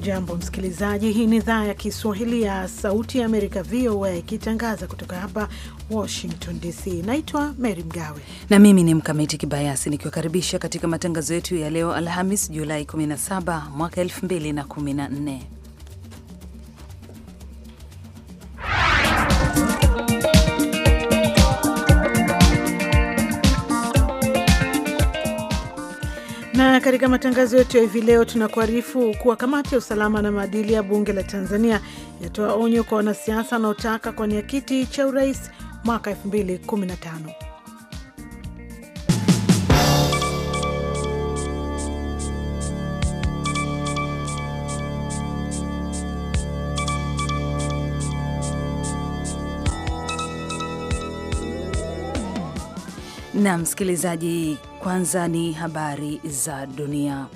Hujambo msikilizaji, hii ni idhaa ya Kiswahili ya Sauti ya Amerika, VOA, ikitangaza kutoka hapa Washington DC. Naitwa Mary Mgawe na mimi ni Mkamiti Kibayasi, nikiwakaribisha katika matangazo yetu ya leo Alhamis Julai 17 mwaka 2014. Na katika matangazo yetu ya hivi leo tunakuarifu kuwa kamati ya usalama na maadili ya bunge la Tanzania yatoa onyo kwa wanasiasa wanaotaka nia kiti cha urais mwaka 2015. Na msikilizaji, kwanza ni habari za dunia.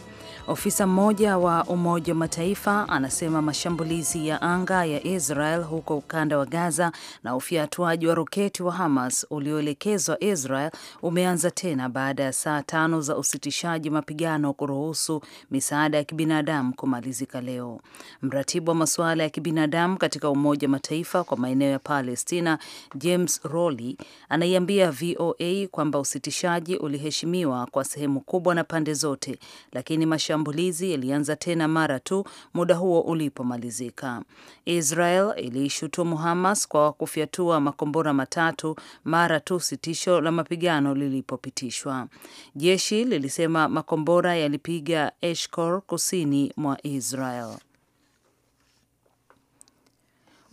Ofisa mmoja wa Umoja wa Mataifa anasema mashambulizi ya anga ya Israel huko ukanda wa Gaza na ufiatuaji wa roketi wa Hamas ulioelekezwa Israel umeanza tena baada ya saa tano za usitishaji mapigano kuruhusu misaada ya kibinadamu kumalizika leo. Mratibu wa masuala ya kibinadamu katika Umoja wa Mataifa kwa maeneo ya Palestina, James Roly, anaiambia VOA kwamba usitishaji uliheshimiwa kwa sehemu kubwa na pande zote, lakini masha mashambulizi yalianza tena mara tu muda huo ulipomalizika. Israel iliishutumu Hamas kwa kufyatua makombora matatu mara tu sitisho la mapigano lilipopitishwa. Jeshi lilisema makombora yalipiga eshkor kusini mwa Israel.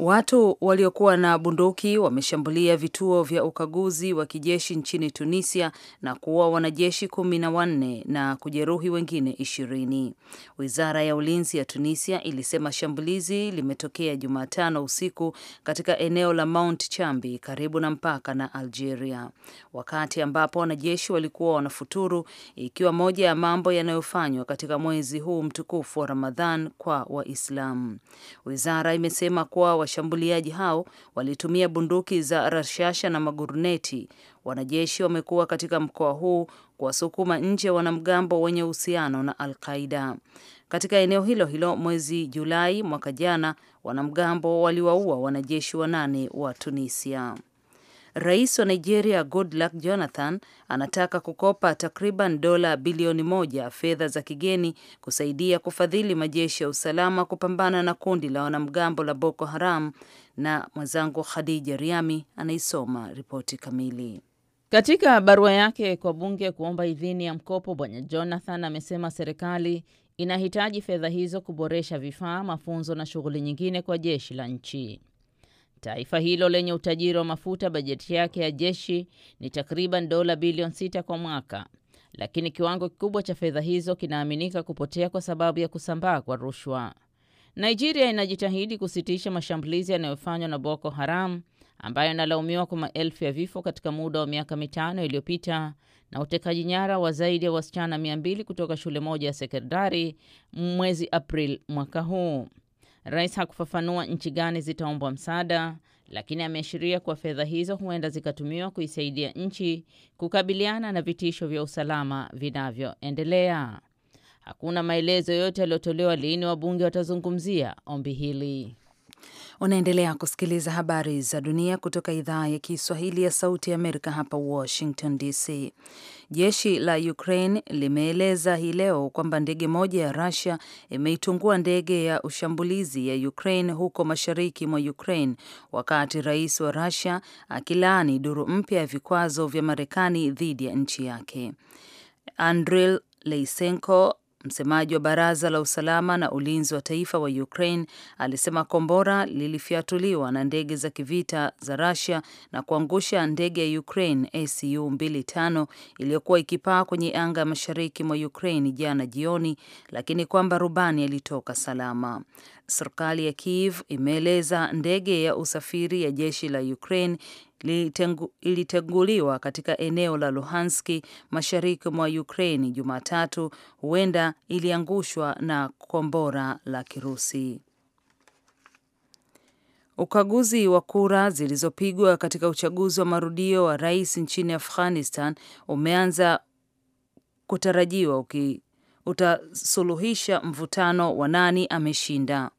Watu waliokuwa na bunduki wameshambulia vituo vya ukaguzi wa kijeshi nchini Tunisia na kuua wanajeshi kumi na wanne na kujeruhi wengine ishirini. Wizara ya ulinzi ya Tunisia ilisema shambulizi limetokea Jumatano usiku katika eneo la Mount Chambi karibu na mpaka na Algeria, wakati ambapo wanajeshi walikuwa wanafuturu, ikiwa moja ya mambo yanayofanywa katika mwezi huu mtukufu wa Ramadhan kwa Waislamu. Wizara imesema kuwa wa washambuliaji hao walitumia bunduki za rashasha na maguruneti. Wanajeshi wamekuwa katika mkoa huu kuwasukuma nje wanamgambo wenye uhusiano na Al-Qaida. Katika eneo hilo hilo mwezi Julai mwaka jana, wanamgambo waliwaua wanajeshi wanane wa Tunisia. Rais wa Nigeria Goodluck Jonathan anataka kukopa takriban dola bilioni moja fedha za kigeni kusaidia kufadhili majeshi ya usalama kupambana na kundi la wanamgambo la Boko Haram. Na mwenzangu Khadija Riami anaisoma ripoti kamili. Katika barua yake kwa bunge kuomba idhini ya mkopo, bwana Jonathan amesema serikali inahitaji fedha hizo kuboresha vifaa, mafunzo na shughuli nyingine kwa jeshi la nchi. Taifa hilo lenye utajiri wa mafuta bajeti yake ya jeshi ni takriban dola bilioni sita kwa mwaka, lakini kiwango kikubwa cha fedha hizo kinaaminika kupotea kwa sababu ya kusambaa kwa rushwa. Nigeria inajitahidi kusitisha mashambulizi yanayofanywa na Boko Haram ambayo inalaumiwa kwa maelfu ya vifo katika muda wa miaka mitano iliyopita na utekaji nyara wa zaidi ya wasichana mia mbili kutoka shule moja ya sekondari mwezi Aprili mwaka huu. Rais hakufafanua nchi gani zitaombwa msaada, lakini ameashiria kuwa fedha hizo huenda zikatumiwa kuisaidia nchi kukabiliana na vitisho vya usalama vinavyoendelea. Hakuna maelezo yoyote yaliyotolewa lini wabunge watazungumzia ombi hili. Unaendelea kusikiliza habari za dunia kutoka idhaa ya Kiswahili ya Sauti ya Amerika hapa Washington DC. Jeshi la Ukraine limeeleza hii leo kwamba ndege moja ya Russia imeitungua ndege ya ushambulizi ya Ukraine huko mashariki mwa Ukraine, wakati rais wa Russia akilaani duru mpya ya vikwazo vya Marekani dhidi ya nchi yake. Andriy Leisenko Msemaji wa baraza la usalama na ulinzi wa taifa wa Ukraine alisema kombora lilifyatuliwa na ndege za kivita za Russia na kuangusha ndege ya Ukraine ACU 25 iliyokuwa ikipaa kwenye anga ya mashariki mwa Ukraine jana jioni, lakini kwamba rubani alitoka salama. Serikali ya Kiev imeeleza ndege ya usafiri ya jeshi la Ukraine litengu, ilitenguliwa katika eneo la Luhanski mashariki mwa Ukraini Jumatatu, huenda iliangushwa na kombora la Kirusi. Ukaguzi wa kura zilizopigwa katika uchaguzi wa marudio wa rais nchini Afghanistan umeanza kutarajiwa uki utasuluhisha mvutano wa nani ameshinda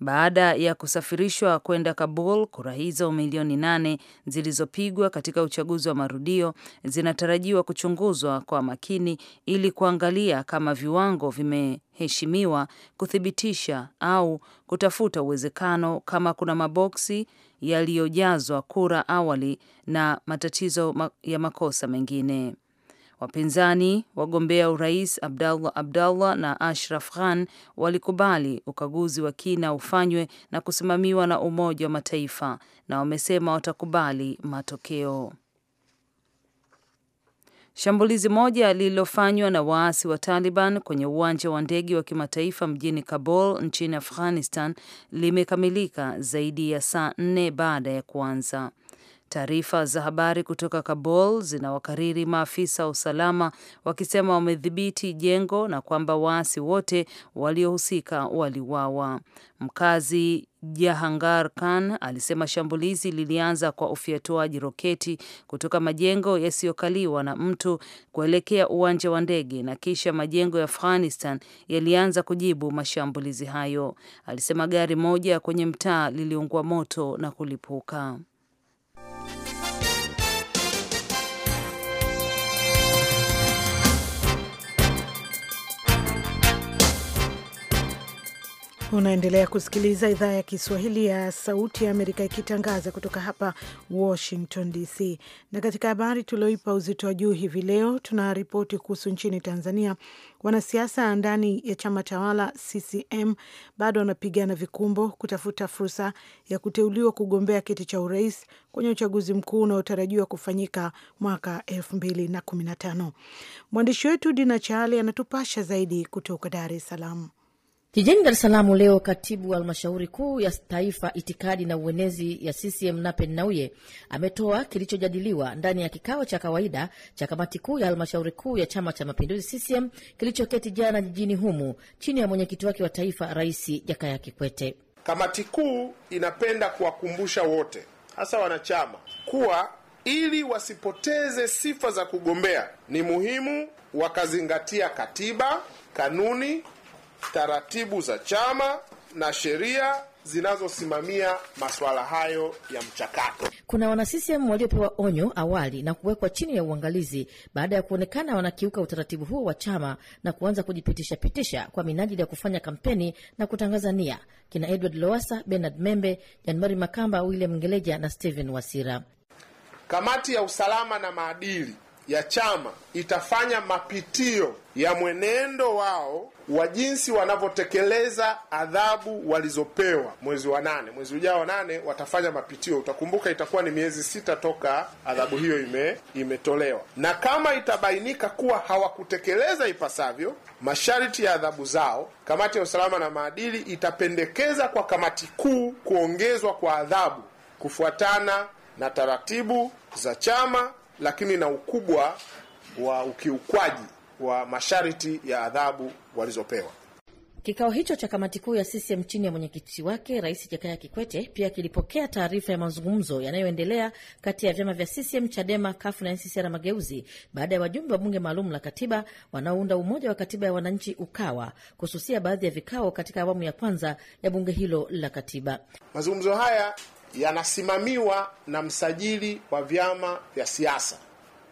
baada ya kusafirishwa kwenda Kabul. Kura hizo milioni nane zilizopigwa katika uchaguzi wa marudio zinatarajiwa kuchunguzwa kwa makini ili kuangalia kama viwango vimeheshimiwa, kuthibitisha au kutafuta uwezekano kama kuna maboksi yaliyojazwa kura awali na matatizo ya makosa mengine. Wapinzani wagombea urais Abdallah Abdallah na Ashraf Ghan walikubali ukaguzi wa kina ufanywe na kusimamiwa na Umoja wa Mataifa na wamesema watakubali matokeo. Shambulizi moja lililofanywa na waasi wa Taliban kwenye uwanja wa ndege wa kimataifa mjini Kabul nchini Afghanistan limekamilika zaidi ya saa nne baada ya kuanza. Taarifa za habari kutoka Kabul zinawakariri maafisa wa usalama wakisema wamedhibiti jengo na kwamba waasi wote waliohusika waliwawa. Mkazi Jahangar Khan alisema shambulizi lilianza kwa ufyatuaji roketi kutoka majengo yasiyokaliwa na mtu kuelekea uwanja wa ndege na kisha majengo ya Afghanistan yalianza kujibu mashambulizi hayo. Alisema gari moja kwenye mtaa liliungwa moto na kulipuka. Unaendelea kusikiliza idhaa ya Kiswahili ya Sauti ya Amerika ikitangaza kutoka hapa Washington DC. Na katika habari tulioipa uzito wa juu hivi leo, tuna ripoti kuhusu nchini Tanzania. Wanasiasa ndani ya chama tawala CCM bado wanapigana vikumbo kutafuta fursa ya kuteuliwa kugombea kiti cha urais kwenye uchaguzi mkuu unaotarajiwa kufanyika mwaka 2015. Mwandishi wetu Dina Chali anatupasha zaidi kutoka Dar es Salaam. Jijini Dar es salamu leo, katibu wa halmashauri kuu ya taifa itikadi na uenezi ya CCM Nape nauye ametoa kilichojadiliwa ndani ya kikao cha kawaida cha kamati kuu ya halmashauri kuu ya chama cha mapinduzi CCM kilichoketi jana jijini humu chini ya mwenyekiti wake wa taifa Rais Jakaya Kikwete. Kamati kuu inapenda kuwakumbusha wote, hasa wanachama, kuwa ili wasipoteze sifa za kugombea, ni muhimu wakazingatia katiba, kanuni taratibu za chama na sheria zinazosimamia masuala hayo ya mchakato. Kuna wana CCM waliopewa onyo awali na kuwekwa chini ya uangalizi baada ya kuonekana wanakiuka utaratibu huo wa chama na kuanza kujipitishapitisha kwa minajili ya kufanya kampeni na kutangaza nia, kina Edward Lowasa, Bernard Membe, Januari Makamba, William Ngeleja na Stephen Wasira. Kamati ya usalama na maadili ya chama itafanya mapitio ya mwenendo wao wa jinsi wanavyotekeleza adhabu walizopewa mwezi wa nane. Mwezi ujao wa nane watafanya mapitio. Utakumbuka itakuwa ni miezi sita toka adhabu hiyo ime, imetolewa, na kama itabainika kuwa hawakutekeleza ipasavyo masharti ya adhabu zao, kamati ya usalama na maadili itapendekeza kwa kamati kuu kuongezwa kwa adhabu kufuatana na taratibu za chama lakini na ukubwa wa ukiukwaji wa masharti ya adhabu walizopewa. Kikao hicho cha kamati kuu ya CCM chini ya mwenyekiti wake Rais Jakaya Kikwete pia kilipokea taarifa ya mazungumzo yanayoendelea kati ya vyama vya CCM, CHADEMA, kafu na NCCR Mageuzi baada ya wajumbe wa bunge maalum la katiba wanaounda umoja wa katiba ya wananchi UKAWA kususia baadhi ya vikao katika awamu ya kwanza ya bunge hilo la katiba. Mazungumzo haya yanasimamiwa na msajili wa vyama vya siasa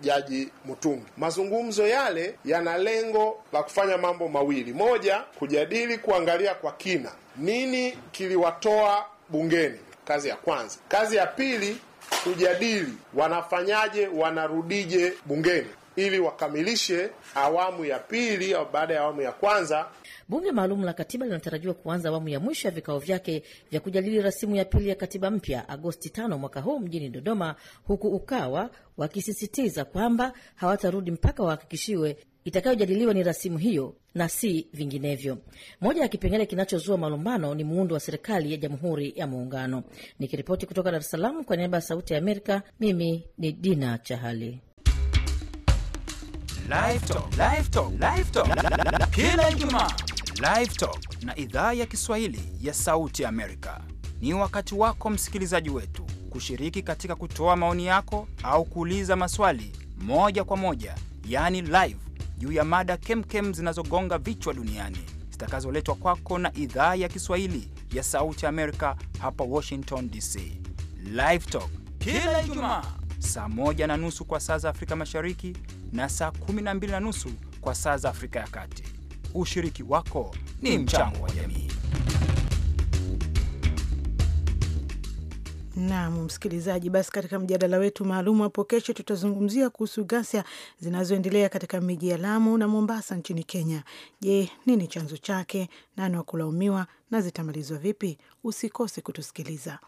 Jaji Mutungi. Mazungumzo yale yana lengo la kufanya mambo mawili: moja, kujadili kuangalia kwa kina nini kiliwatoa bungeni, kazi ya kwanza. Kazi ya pili, kujadili wanafanyaje, wanarudije bungeni ili wakamilishe awamu ya pili au baada ya awamu ya kwanza. Bunge maalum la katiba linatarajiwa kuanza awamu ya mwisho ya vikao vyake vya kujadili rasimu ya pili ya katiba mpya Agosti tano mwaka huu mjini Dodoma, huku Ukawa wakisisitiza kwamba hawatarudi mpaka wahakikishiwe itakayojadiliwa ni rasimu hiyo na si vinginevyo. Moja ya kipengele kinachozua malumbano ni muundo wa serikali ya Jamhuri ya Muungano. Nikiripoti kutoka Dar es Salaam kwa niaba ya Sauti ya Amerika, mimi ni Dina Chahali kila Ijumaa. Live na idhaa ya Kiswahili ya Sauti ya Amerika. Ni wakati wako msikilizaji wetu kushiriki katika kutoa maoni yako au kuuliza maswali moja kwa moja, yani live, juu ya mada kemkem zinazogonga vichwa duniani zitakazoletwa kwako na idhaa ya Kiswahili ya Sauti Amerika hapa Washington DC. Live kila Ijumaa saa moja na nusu kwa saa za Afrika Mashariki na saa 12 na nusu kwa saa za Afrika ya Kati. Ushiriki wako ni mchango wa jamii. Naam, msikilizaji, basi katika mjadala wetu maalum hapo kesho tutazungumzia kuhusu ghasia zinazoendelea katika miji ya Lamu na Mombasa nchini Kenya. Je, nini chanzo chake? Nani wa kulaumiwa na zitamalizwa vipi? Usikose kutusikiliza.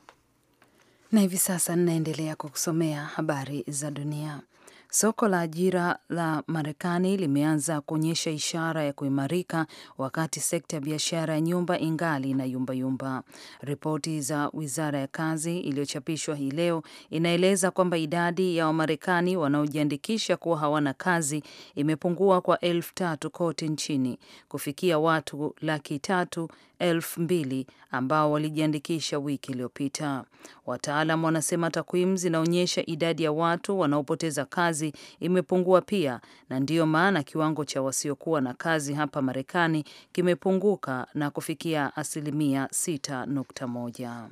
Na hivi sasa ninaendelea kukusomea habari za dunia. Soko la ajira la Marekani limeanza kuonyesha ishara ya kuimarika wakati sekta ya biashara ya nyumba ingali na yumbayumba. Ripoti za wizara ya kazi iliyochapishwa hii leo inaeleza kwamba idadi ya Wamarekani wanaojiandikisha kuwa hawana kazi imepungua kwa elfu tatu kote nchini kufikia watu laki tatu elfu mbili ambao walijiandikisha wiki iliyopita. Wataalam wanasema takwimu zinaonyesha idadi ya watu wanaopoteza kazi imepungua pia, na ndiyo maana kiwango cha wasiokuwa na kazi hapa Marekani kimepunguka na kufikia asilimia 6.1.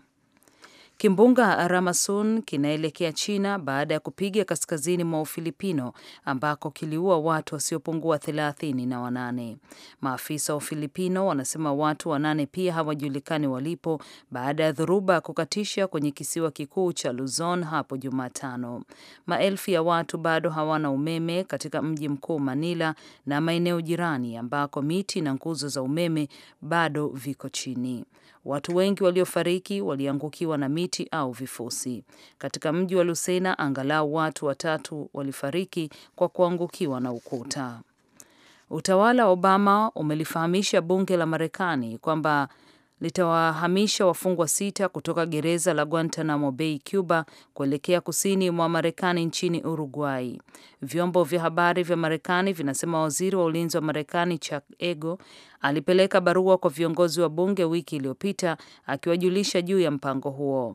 Kimbunga Ramasun kinaelekea China baada ya kupiga kaskazini mwa Ufilipino ambako kiliua watu wasiopungua thelathini na wanane. Maafisa wa Ufilipino wanasema watu wanane pia hawajulikani walipo baada ya dhoruba kukatisha kwenye kisiwa kikuu cha Luzon hapo Jumatano. Maelfu ya watu bado hawana umeme katika mji mkuu Manila na maeneo jirani ambako miti na nguzo za umeme bado viko chini. Watu wengi waliofariki waliangukiwa na miti au vifusi. Katika mji wa Lusena, angalau watu watatu walifariki kwa kuangukiwa na ukuta. Utawala wa Obama umelifahamisha bunge la Marekani kwamba litawahamisha wafungwa sita kutoka gereza la Guantanamo Bay, Cuba, kuelekea kusini mwa Marekani nchini Uruguay. Vyombo vya habari vya Marekani vinasema waziri wa ulinzi wa Marekani Chuck Ego alipeleka barua kwa viongozi wa bunge wiki iliyopita akiwajulisha juu ya mpango huo.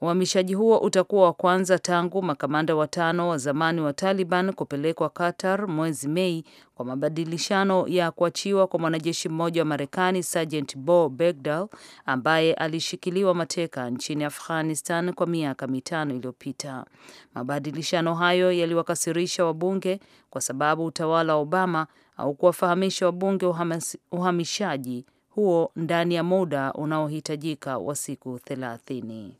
Uhamishaji huo utakuwa wa kwanza tangu makamanda watano wa zamani wa Taliban kupelekwa Qatar mwezi Mei kwa mabadilishano ya kuachiwa kwa mwanajeshi mmoja wa Marekani, Sergeant Bo Begdal ambaye alishikiliwa mateka nchini Afghanistan kwa miaka mitano iliyopita. Mabadilishano hayo yaliwakasirisha wabunge kwa sababu utawala wa Obama haukuwafahamisha wabunge uhamishaji huo ndani ya muda unaohitajika wa siku thelathini.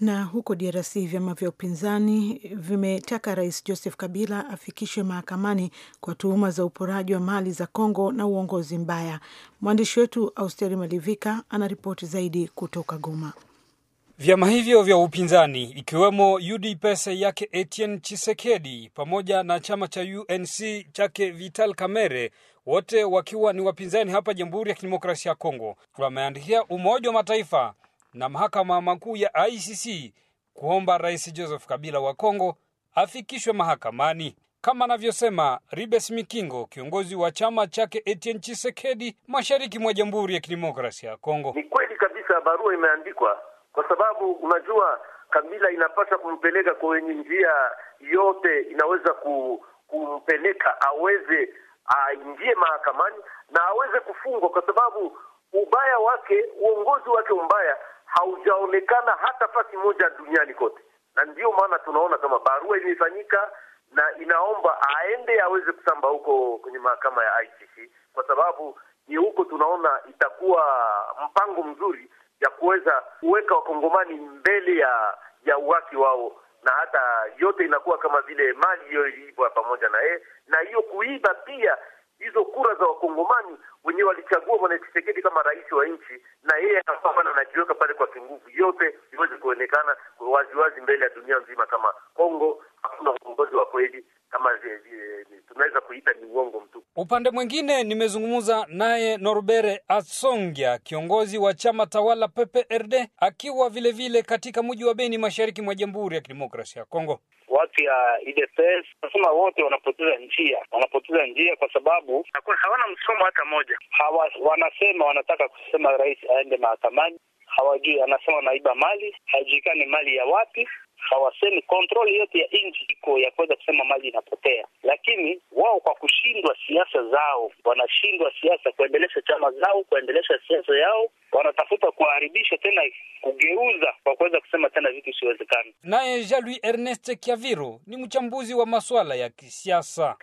Na huko DRC vyama vya upinzani vimetaka Rais Joseph Kabila afikishwe mahakamani kwa tuhuma za uporaji wa mali za Kongo na uongozi mbaya. Mwandishi wetu Austeri Malivika anaripoti zaidi kutoka Goma. Vyama hivyo vya upinzani ikiwemo UDPS yake Etienne Chisekedi pamoja na chama cha UNC chake Vital Kamerhe wote wakiwa ni wapinzani hapa Jamhuri ya Kidemokrasia ya Kongo, wameandikia Umoja wa Mataifa na mahakama makuu ya ICC kuomba Rais Joseph Kabila wa Kongo afikishwe mahakamani kama anavyosema Ribes Mikingo, kiongozi wa chama chake Etienne Chisekedi mashariki mwa Jamhuri ya Kidemokrasia ya Kongo. Ni kweli kabisa, barua imeandikwa kwa sababu unajua Kabila inapaswa kumpeleka kwenye njia yote inaweza kumpeleka aweze aingie mahakamani na aweze kufungwa, kwa sababu ubaya wake, uongozi wake mbaya haujaonekana hata fasi moja duniani kote, na ndiyo maana tunaona kama barua imefanyika na inaomba aende aweze kusamba huko kwenye mahakama ya ICC, kwa sababu ni huko tunaona itakuwa mpango mzuri ya kuweza kuweka wakongomani mbele ya ya uwaki wao, na hata yote inakuwa kama vile mali iliyoibwa pamoja na yeye, na hiyo kuiba pia hizo kura za wakongomani wenyewe walichagua Bwana Tshisekedi kama rais wa nchi, na yeye anapambana, anajiweka pale kwa kinguvu, yote iweze kuonekana waziwazi mbele ya dunia nzima kama Kongo hakuna uongozi wa kweli kama tunaweza kuita ni uongo mtupu. Upande mwingine, nimezungumza naye Norbere Asongia, kiongozi wa chama tawala PPRD, akiwa vilevile vile katika mji wa Beni, mashariki mwa Jamhuri ya Kidemokrasia ya Kongo. Watu ya IDPS nasema wote wanapoteza njia, wanapoteza njia kwa sababu hawana msomo hata moja. Hawa, wanasema wanataka kusema rais aende mahakamani, hawajui, anasema anaiba mali, haijulikani mali ya wapi hawasemi kontroli yote ya nchi iko ya kuweza kusema maji inapotea, lakini wao kwa kushindwa siasa zao, wanashindwa siasa kuendelesha chama zao, kuendelesha siasa yao, wanatafuta kuharibisha tena, kugeuza kwa kuweza kusema tena vitu isiwezekana. Naye Jean Louis Ernest Kiaviro ni mchambuzi wa masuala ya kisiasa.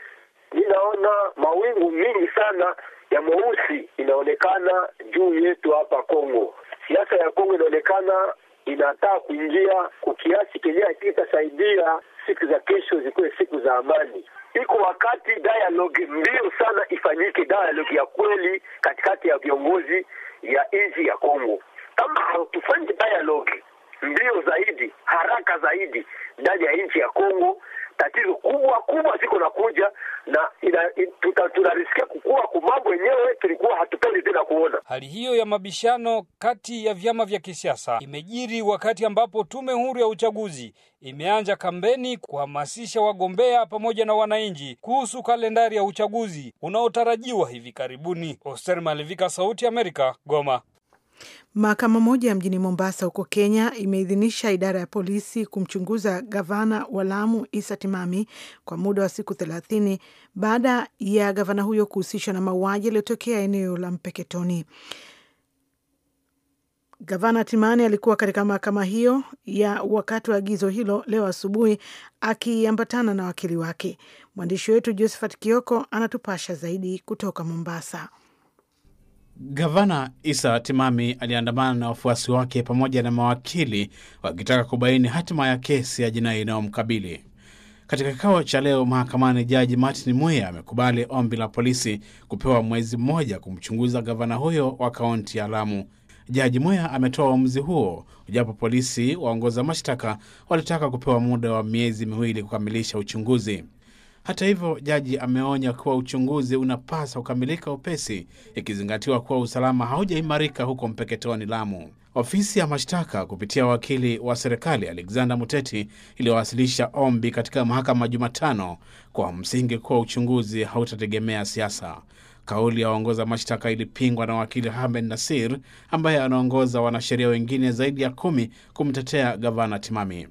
Ninaona mawingu mingi sana ya mweusi inaonekana juu yetu hapa Kongo. Siasa ya Kongo inaonekana inataka kuingia kwa kiasi kenye akiitasaidia siku za kesho zikuwe siku za amani. Iko wakati dialogue mbio sana ifanyike, dialogue ya kweli katikati ya viongozi ya nchi ya Kongo. Kama hatufanyi dialogue mbio zaidi, haraka zaidi ndani ya nchi ya Kongo, tatizo kubwa kubwa ziko nakuja na tunarisikia kukua kumambo yenyewe tulikuwa hatupendi tena kuona. Hali hiyo ya mabishano kati ya vyama vya kisiasa imejiri wakati ambapo tume huru ya uchaguzi imeanza kampeni kuhamasisha wagombea pamoja na wananchi kuhusu kalendari ya uchaguzi unaotarajiwa hivi karibuni. Oster Malivika, Sauti ya Amerika, Goma. Mahakama moja ya mjini Mombasa huko Kenya imeidhinisha idara ya polisi kumchunguza gavana wa Lamu Isa Timami kwa muda wa siku thelathini baada ya gavana huyo kuhusishwa na mauaji yaliyotokea eneo la Mpeketoni. Gavana Timani alikuwa katika mahakama hiyo ya wakati wa agizo hilo leo asubuhi akiambatana na wakili wake. Mwandishi wetu Josephat Kioko anatupasha zaidi kutoka Mombasa. Gavana Isa Timami aliandamana na wafuasi wake pamoja na mawakili wakitaka kubaini hatima ya kesi ya jinai inayomkabili. Katika kikao cha leo mahakamani, Jaji Martin Muya amekubali ombi la polisi kupewa mwezi mmoja kumchunguza gavana huyo wa kaunti ya Lamu. Jaji Muya ametoa uamuzi huo japo polisi waongoza mashtaka walitaka kupewa muda wa miezi miwili kukamilisha uchunguzi. Hata hivyo, jaji ameonya kuwa uchunguzi unapaswa kukamilika upesi, ikizingatiwa kuwa usalama haujaimarika huko Mpeketoni, Lamu. Ofisi ya mashtaka kupitia wakili wa serikali Alexander Muteti iliyowasilisha ombi katika mahakama Jumatano kwa msingi kuwa uchunguzi hautategemea siasa. Kauli ya waongoza mashtaka ilipingwa na wakili Hamed Nasir ambaye anaongoza wanasheria wengine zaidi ya kumi kumtetea gavana Timami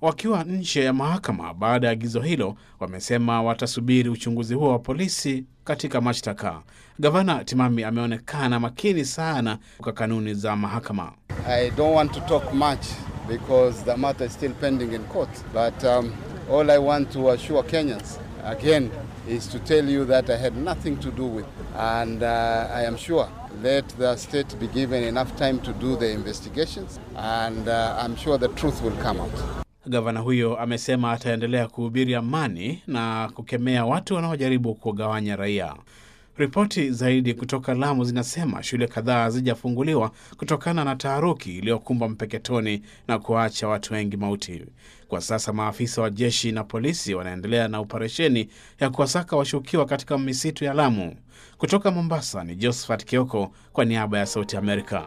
wakiwa nje ya mahakama baada ya agizo hilo, wamesema watasubiri uchunguzi huo wa polisi katika mashtaka. Gavana Timami ameonekana makini sana kwa kanuni za mahakama. I don't want to talk much because the matter is still pending in court but um, all I want to assure Kenyans again is to tell you that I had nothing to do with and uh, I am sure let the state be given enough time to do the investigations and uh, I'm sure the truth will come out. Gavana huyo amesema ataendelea kuhubiri amani na kukemea watu wanaojaribu kugawanya raia. Ripoti zaidi kutoka Lamu zinasema shule kadhaa hazijafunguliwa kutokana na taharuki iliyokumba Mpeketoni na kuacha watu wengi mauti. Kwa sasa maafisa wa jeshi na polisi wanaendelea na operesheni ya kuwasaka washukiwa katika misitu ya Lamu. Kutoka Mombasa ni Josephat Kioko kwa niaba ya Sauti Amerika.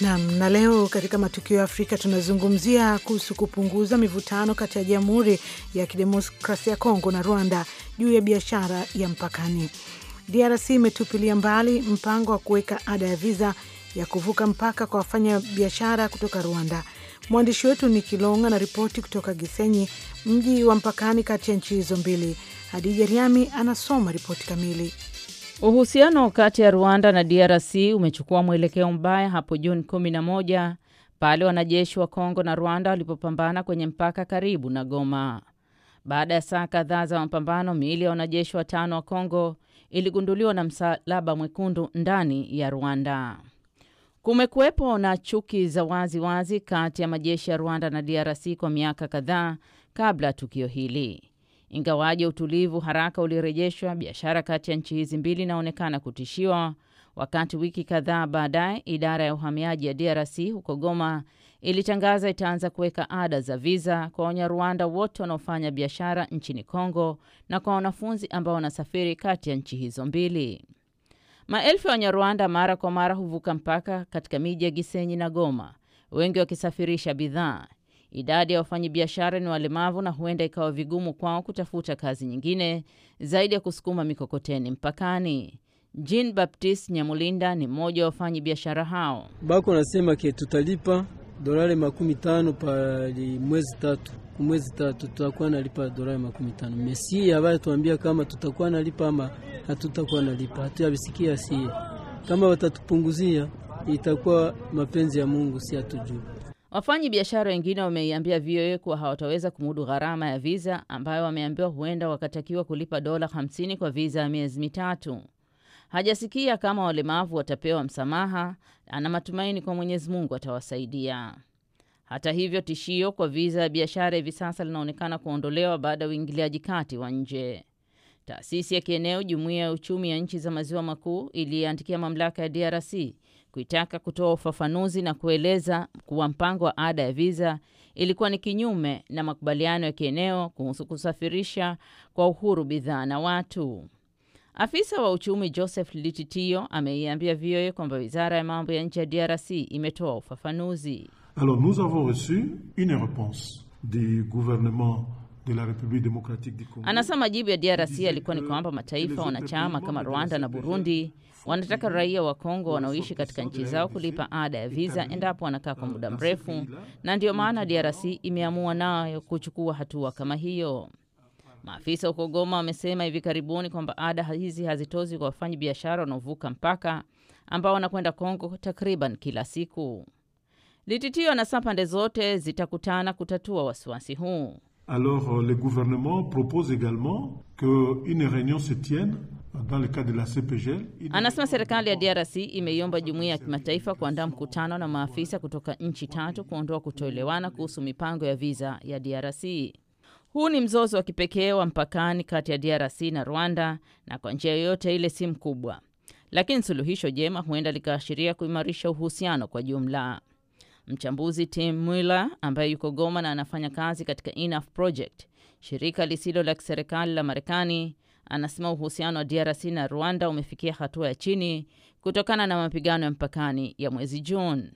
Nam na leo katika matukio ya Afrika tunazungumzia kuhusu kupunguza mivutano kati ya Jamhuri ya Kidemokrasia ya Kongo na Rwanda juu ya biashara ya mpakani. DRC imetupilia mbali mpango wa kuweka ada ya viza ya kuvuka mpaka kwa wafanya biashara kutoka Rwanda. Mwandishi wetu ni Kilonga na ripoti kutoka Gisenyi, mji wa mpakani kati ya nchi hizo mbili. Hadija Riami anasoma ripoti kamili. Uhusiano kati ya Rwanda na DRC umechukua mwelekeo mbaya hapo Juni 11 pale wanajeshi wa Kongo na Rwanda walipopambana kwenye mpaka karibu na Goma. Baada ya saa kadhaa za mapambano, miili ya wanajeshi watano wa Kongo iligunduliwa na Msalaba Mwekundu ndani ya Rwanda. Kumekuwepo na chuki za wazi wazi kati ya majeshi ya Rwanda na DRC kwa miaka kadhaa kabla ya tukio hili. Ingawaje utulivu haraka ulirejeshwa, biashara kati ya nchi hizi mbili inaonekana kutishiwa, wakati wiki kadhaa baadaye idara ya uhamiaji ya DRC huko Goma ilitangaza itaanza kuweka ada za viza kwa Wanyarwanda wote wanaofanya biashara nchini Kongo na kwa wanafunzi ambao wanasafiri kati ya nchi hizo mbili. Maelfu ya Wanyarwanda mara kwa mara huvuka mpaka katika miji ya Gisenyi na Goma, wengi wakisafirisha bidhaa. Idadi ya wafanyabiashara ni walemavu na huenda ikawa vigumu kwao kutafuta kazi nyingine zaidi ya kusukuma mikokoteni mpakani. Jean baptist Nyamulinda ni mmoja wa wafanyi biashara hao. Bako nasema ke tutalipa dolari makumi tano pali mwezi tatu mwezi tatu tutakuwa nalipa dolari makumi tano mesi avaye tuambia kama tutakuwa nalipa ama hatutakuwa nalipa hatuyavisikia sie kama watatupunguzia itakuwa mapenzi ya Mungu si hatujuu Wafanyi biashara wengine wameiambia VOA kuwa hawataweza kumudu gharama ya viza ambayo wameambiwa huenda wakatakiwa kulipa dola 50 kwa viza ya miezi mitatu. Hajasikia kama walemavu watapewa msamaha. Ana matumaini kwa Mwenyezi Mungu atawasaidia. Hata hivyo, tishio kwa viza ya biashara hivi sasa linaonekana kuondolewa baada ya uingiliaji kati wa nje. Taasisi ya kieneo Jumuiya ya Uchumi ya Nchi za Maziwa Makuu iliyeandikia mamlaka ya DRC kuitaka kutoa ufafanuzi na kueleza kuwa mpango wa ada ya viza ilikuwa ni kinyume na makubaliano ya kieneo kuhusu kusafirisha kwa uhuru bidhaa na watu. Afisa wa uchumi Joseph Lititio ameiambia VOA kwamba wizara ya mambo ya nje ya DRC imetoa ufafanuzi. Alors nous avons reçu une réponse du gouvernement de la République démocratique du Congo. Anasema jibu ya DRC alikuwa ni kwamba mataifa wanachama kama Rwanda na Burundi Wanataka raia wa Kongo wanaoishi katika nchi zao kulipa ada ya viza endapo wanakaa kwa ah, muda mrefu, na ndiyo maana DRC imeamua nayo kuchukua hatua kama hiyo. Maafisa huko Goma wamesema hivi karibuni kwamba ada hizi hazitozi kwa wafanyi biashara wanaovuka mpaka ambao wanakwenda Kongo takriban kila siku. Lititio anasema pande zote zitakutana kutatua wasiwasi huu. Alors euh, le gouvernement propose également qu'une réunion se tienne dans le cadre de la CPGL. Anasema serikali ya DRC imeiomba jumuiya ya kimataifa kuandaa mkutano na maafisa kutoka nchi tatu kuondoa kutoelewana kuhusu mipango ya viza ya DRC. Huu ni mzozo wa kipekee wa mpakani kati ya DRC na Rwanda, na kwa njia yoyote ile si mkubwa, lakini suluhisho jema huenda likaashiria kuimarisha uhusiano kwa jumla. Mchambuzi Tim Mwiller ambaye yuko Goma na anafanya kazi katika Enough Project, shirika lisilo la kiserikali la Marekani, anasema uhusiano wa DRC na Rwanda umefikia hatua ya chini kutokana na mapigano ya mpakani ya mwezi Juni.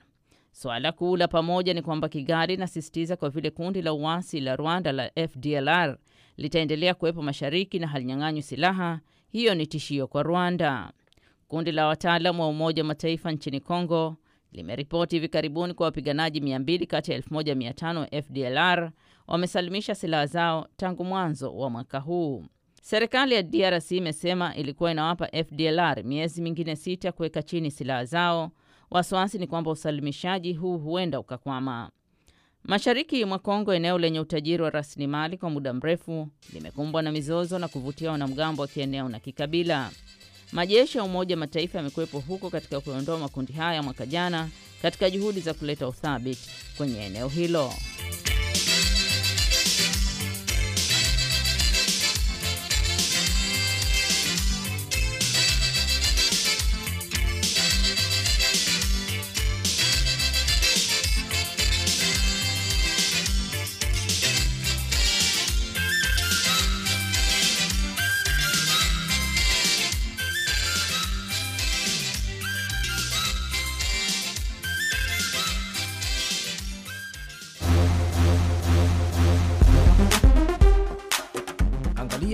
Swala kuu la pamoja ni kwamba Kigali inasisitiza kwa vile kundi la uasi la Rwanda la FDLR litaendelea kuwepo mashariki na halinyang'anywi silaha, hiyo ni tishio kwa Rwanda. Kundi la wataalamu wa Umoja wa Mataifa nchini congo limeripoti hivi karibuni kwa wapiganaji 200 kati ya 1500 FDLR wamesalimisha silaha zao tangu mwanzo wa mwaka huu. Serikali ya DRC imesema ilikuwa inawapa FDLR miezi mingine sita kuweka chini silaha zao. Wasiwasi ni kwamba usalimishaji huu huenda ukakwama. Mashariki mwa Kongo, eneo lenye utajiri wa rasilimali, kwa muda mrefu limekumbwa na mizozo na kuvutia wanamgambo wa kieneo na kikabila. Majeshi ya Umoja Mataifa yamekuwepo huko katika kuondoa makundi haya mwaka jana katika juhudi za kuleta uthabiti kwenye eneo hilo.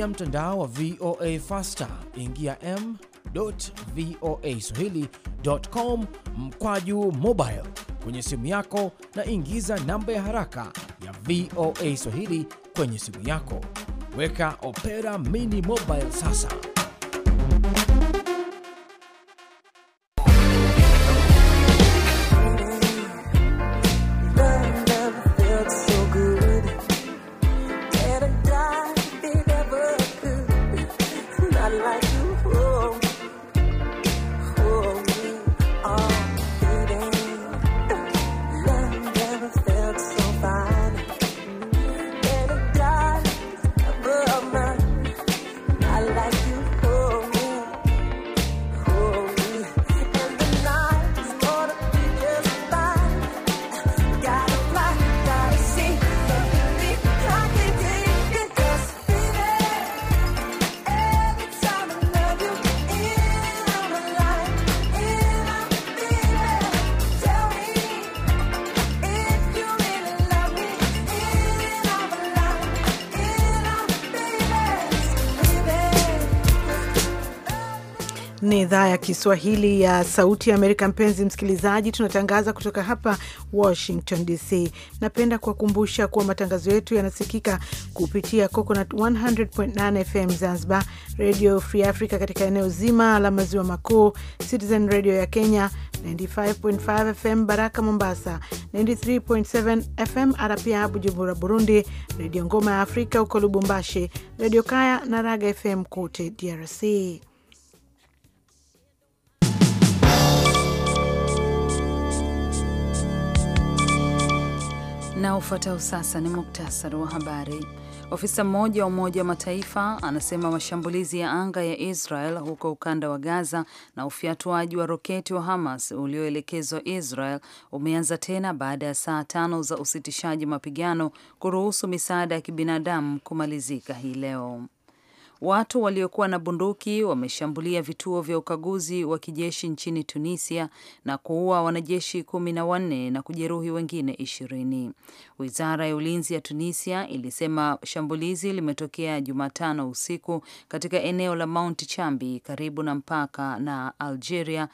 kupitia mtandao wa VOA Faster. Ingia m.voaswahili.com mkwaju mobile kwenye simu yako na ingiza namba ya haraka ya VOA Swahili kwenye simu yako. Weka Opera Mini Mobile sasa. Kiswahili ya Sauti ya Amerika. Mpenzi msikilizaji, tunatangaza kutoka hapa Washington DC. Napenda kuwakumbusha kuwa matangazo yetu yanasikika kupitia Coconut 100.9 FM Zanzibar, Radio Free Africa katika eneo zima la maziwa makuu, Citizen Radio ya Kenya 95.5 FM Baraka Mombasa, 93.7 FM RPA Bujumbura Burundi, Redio Ngoma ya Afrika huko Lubumbashi, Redio Kaya na Raga FM kote DRC. Na ufuatao sasa ni muktasari wa habari. Ofisa mmoja wa Umoja wa Mataifa anasema mashambulizi ya anga ya Israel huko ukanda wa Gaza na ufyatuaji wa roketi wa Hamas ulioelekezwa Israel umeanza tena baada ya saa tano za usitishaji mapigano kuruhusu misaada ya kibinadamu kumalizika hii leo. Watu waliokuwa na bunduki wameshambulia vituo vya ukaguzi wa kijeshi nchini Tunisia na kuua wanajeshi kumi na wanne na kujeruhi wengine ishirini. Wizara ya ulinzi ya Tunisia ilisema shambulizi limetokea Jumatano usiku katika eneo la Mount Chambi karibu na mpaka na Algeria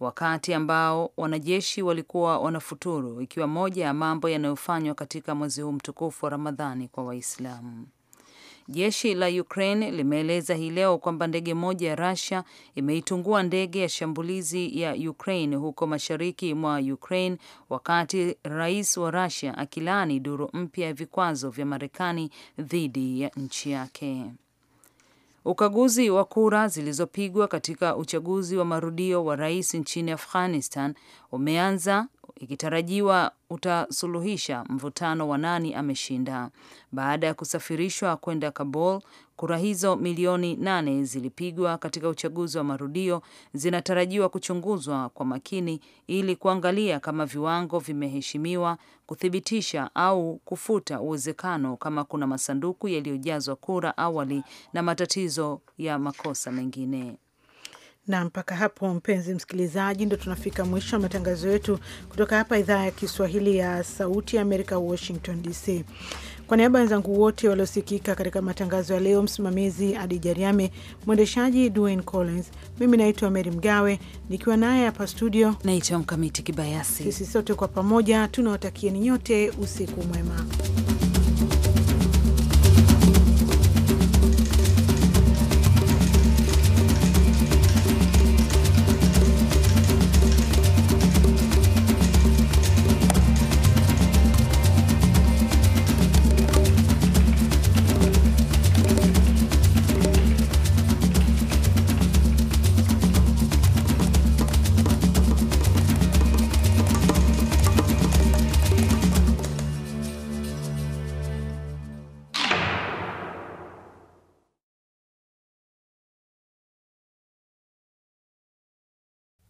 wakati ambao wanajeshi walikuwa wanafuturu, ikiwa moja ya mambo yanayofanywa katika mwezi huu mtukufu wa Ramadhani kwa Waislamu. Jeshi la Ukraine limeeleza hii leo kwamba ndege moja ya Russia imeitungua ndege ya shambulizi ya Ukraine huko mashariki mwa Ukraine, wakati rais wa Russia akilaani duru mpya ya vikwazo vya Marekani dhidi ya nchi yake. Ukaguzi wa kura zilizopigwa katika uchaguzi wa marudio wa rais nchini Afghanistan umeanza ikitarajiwa utasuluhisha mvutano wa nani ameshinda. Baada ya kusafirishwa kwenda Kabul, kura hizo milioni nane zilipigwa katika uchaguzi wa marudio zinatarajiwa kuchunguzwa kwa makini ili kuangalia kama viwango vimeheshimiwa, kuthibitisha au kufuta uwezekano kama kuna masanduku yaliyojazwa kura awali na matatizo ya makosa mengine na mpaka hapo, mpenzi msikilizaji, ndo tunafika mwisho wa matangazo yetu kutoka hapa idhaa ya Kiswahili ya Sauti ya Amerika, Washington DC. Kwa niaba ya wenzangu wote waliosikika katika matangazo ya leo, msimamizi Adi Jariame, mwendeshaji Dwayne Collins, mimi naitwa Mary Mgawe nikiwa naye hapa studio, naitwa Mkamiti Kibayasi. Sisi sote kwa pamoja tunawatakieni nyote usiku mwema.